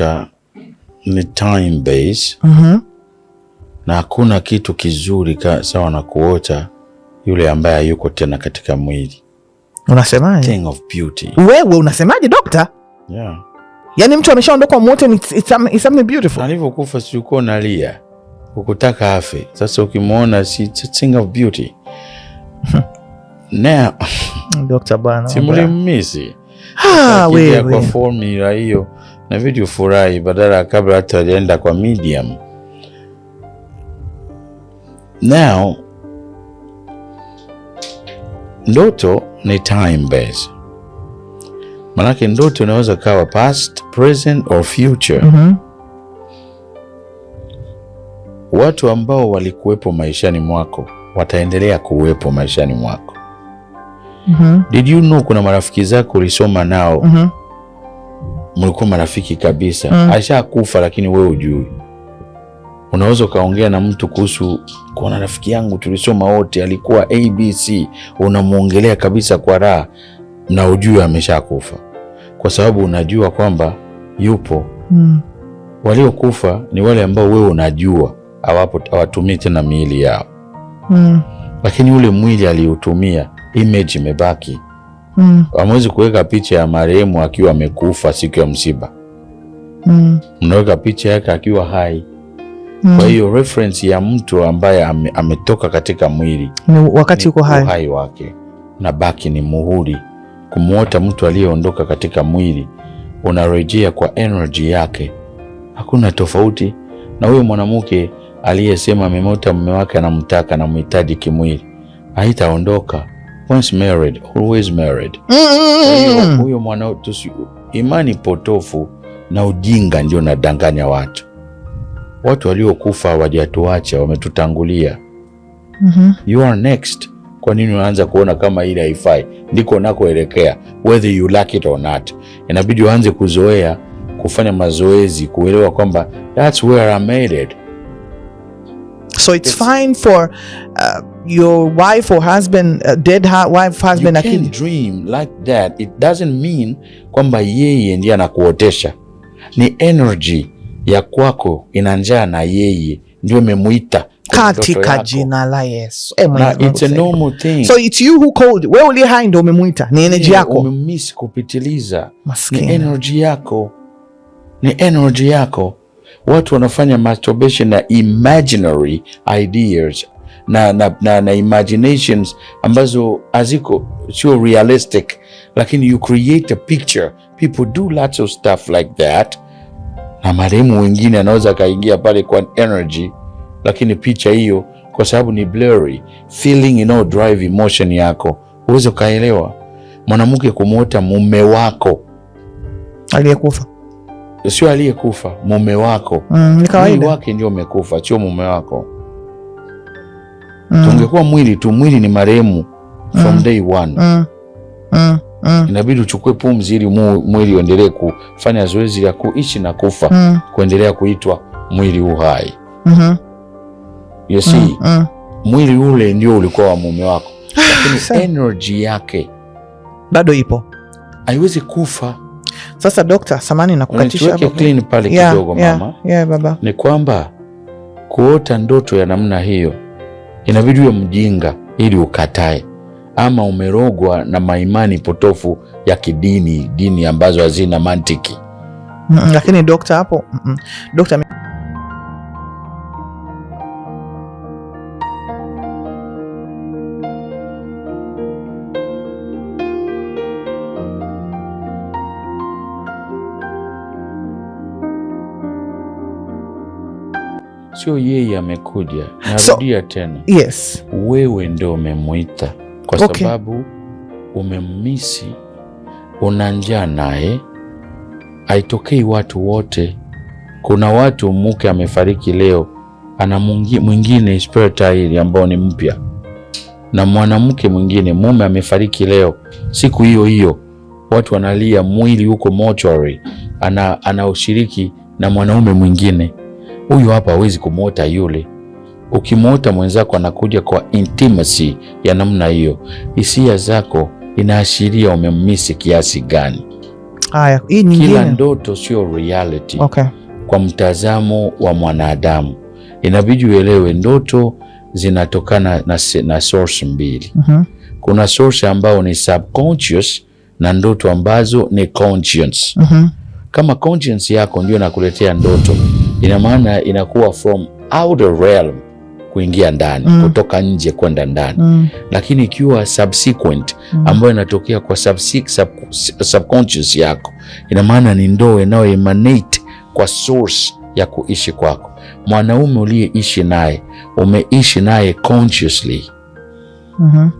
cha ni time base mm -hmm. Na hakuna kitu kizuri sawa na kuota yule ambaye hayuko tena katika mwili. Unasemaje? Thing of beauty. Wewe unasemaje dokta? Yeah. Yaani mtu ameshaondoka mwote it's something beautiful. Alivyokufa si uko nalia ukutaka afe. Sasa ukimwona si thing of beauty. Na dokta Ah, wewe. Kwa formula hiyo na video furahi badala ya kabla hata alienda kwa medium. Now ndoto ni time based, manake ndoto inaweza kawa past, present or future. mm -hmm. Watu ambao walikuwepo maishani mwako wataendelea kuwepo maishani mwako. mm -hmm. Did you know kuna marafiki zako ulisoma nao mm -hmm mlikuwa marafiki kabisa mm. Ashakufa, lakini we ujui. Unaweza ukaongea na mtu kuhusu, kuna rafiki yangu tulisoma wote alikuwa ABC, unamwongelea kabisa kwa raha na ujui ameshakufa, kwa sababu unajua kwamba yupo mm. Waliokufa ni wale ambao wewe unajua hawatumii tena miili yao mm. Lakini ule mwili aliutumia, image imebaki mm. kuweka picha ya marehemu akiwa amekufa siku ya msiba mm. Mnaweka picha yake akiwa hai mm. Kwa hiyo reference ya mtu ambaye ame, ametoka katika mwili wakati yuko hai, uhai wake na baki ni muhuri. Kumwota mtu aliyeondoka katika mwili unarejea kwa energy yake, hakuna tofauti na huyo mwanamke aliyesema amemota mume wake, anamtaka, anamhitaji kimwili, haitaondoka once married always married. Huyo mwanao imani potofu na ujinga ndio nadanganya watu. Watu waliokufa hawajatuacha, wametutangulia. mm -hmm. You are next. Kwa nini unaanza kuona kama ile haifai? Ndiko unakoelekea, whether you like it or not. Inabidi uanze kuzoea kufanya mazoezi, kuelewa kwamba that's where I made it. So it's, it's fine for uh, your wife or husband uh, dead ha wife husband you can dream like that it doesn't mean kwamba yeye ndiye anakuotesha, ni energy ya kwako ina njaa na yeye ndio imemuita katika jina la Yesu. E, It's a normal thing. So it's you who called. Wewe uli hai ndio umemuita, ni energy yeah, yako. Umemiss kupitiliza. Ni energy yako, ni energy yako. Watu wanafanya masturbation na imaginary ideas na, na, na, na imaginations ambazo haziko sio realistic, lakini you create a picture. People do lots of stuff like that, na marehemu wengine anaweza akaingia pale kwa energy, lakini picha hiyo kwa sababu ni blurry, feeling inayo drive emotion yako huwezi ukaelewa. Mwanamke kumwota mume wako aliyekufa sio aliyekufa, mume wako mm, mwili wake ndio umekufa, sio mume wako mm. tungekuwa mwili tu, mwili ni marehemu mm. from day one mm. Mm. Mm. Inabidi uchukue pumzi ili mwili uendelee kufanya zoezi la kuishi na kufa mm. kuendelea kuitwa mwili uhai mm -hmm. yes, mm. Mm. mwili ule ndio ulikuwa wa mume wako, lakini energy yake bado ipo, haiwezi kufa. Sasa dokta, samani na kukatisha hapo clean pale yeah, kidogo mama yeah, yeah, baba, ni kwamba kuota ndoto ya namna hiyo Inabidi uwe mjinga ili ukatae, ama umerogwa na maimani potofu ya kidini, dini ambazo hazina mantiki. Mm, mm lakini dokta hapo mm -mm. Dokta sio yeye amekuja. Narudia so, tena yes. Wewe ndio umemwita kwa sababu Umemmisi, una njaa naye. Haitokei watu wote, kuna watu mke amefariki leo, ana mwingine spare ambao ni mpya, na mwanamke mwingine mume amefariki leo siku hiyo hiyo, watu wanalia mwili huko mortuary, ana ana ushiriki na mwanaume mwingine huyu hapa hawezi kumwota yule. Ukimwota mwenzako anakuja kwa intimacy ya namna hiyo, hisia zako inaashiria umemmisi kiasi gani. Haya, hii nyingine, kila ndoto sio reality. Okay. Kwa mtazamo wa mwanadamu inabidi uelewe ndoto zinatokana na, na source mbili. mm -hmm. Kuna source ambayo ni subconscious na ndoto ambazo ni conscience. mm -hmm. Kama conscience yako ndio nakuletea ndoto ina maana inakuwa from outer realm kuingia ndani mm. kutoka nje kwenda ndani mm. Lakini ikiwa subsequent mm. ambayo inatokea kwa sub, subconscious yako, ina maana ni ndoo inayo emanate kwa source ya kuishi kwako. Mwanaume uliyeishi naye umeishi naye consciously mm -hmm.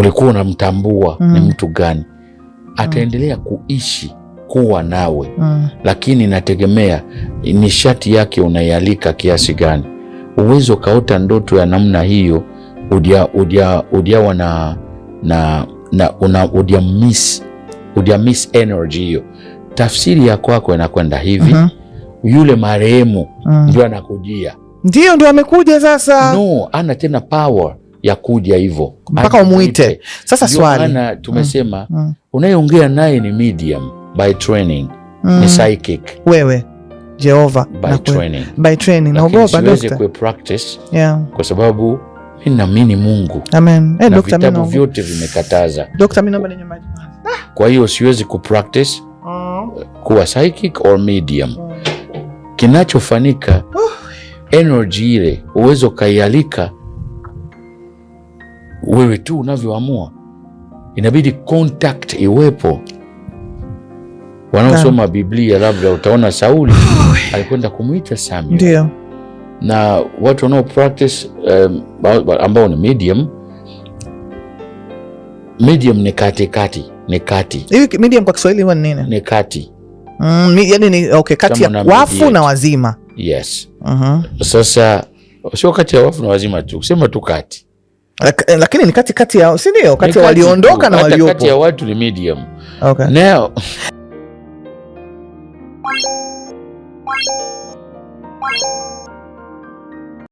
ulikuwa unamtambua mm ni mtu gani mm. ataendelea kuishi kuwa nawe mm. Lakini nategemea nishati yake unaialika kiasi gani. Uwezi ukaota ndoto ya namna hiyo udia, udia, udiawa na, na, na una, udia miss, udia miss energy hiyo. Tafsiri ya kwako inakwenda hivi mm -hmm. Yule marehemu mm. ndio anakujia, ndio ndio amekuja sasa. No, ana tena power ya kuja hivyo mpaka umuite sasa. Swali ana tumesema mm. mm. unayeongea naye ni medium by training mm. Ni psychic wewe Jehova by training, by training. Naogopa siwezi ku practice yeah. Kwa sababu mimi naamini Mungu amen. Hey, eh, na doctor, vitabu vyote vimekataza doctor, mimi naomba ninywe maji. Kwa hiyo siwezi ku practice mm. kuwa psychic or medium mm. Kinachofanyika oh. energy ile uwezo kaialika wewe tu unavyoamua, inabidi contact iwepo wanaosoma Biblia labda utaona Sauli alikwenda kumwita Samuel. Ndio. Na watu wanao practice um, ambao ni medium medium ni kati kati ni kati. Hiyo medium kwa Kiswahili huwa ni nini? Ni kati. Mm, yani ni okay, kati ya wafu na wazima. Yes. Uh-huh. Sasa sio kati ya wafu na wazima tu, sema tu kati. Eh, lakini ni kati kati ya, si ndio? Kati ya waliondoka na waliopo. Kati ya watu ni medium. Okay. Now you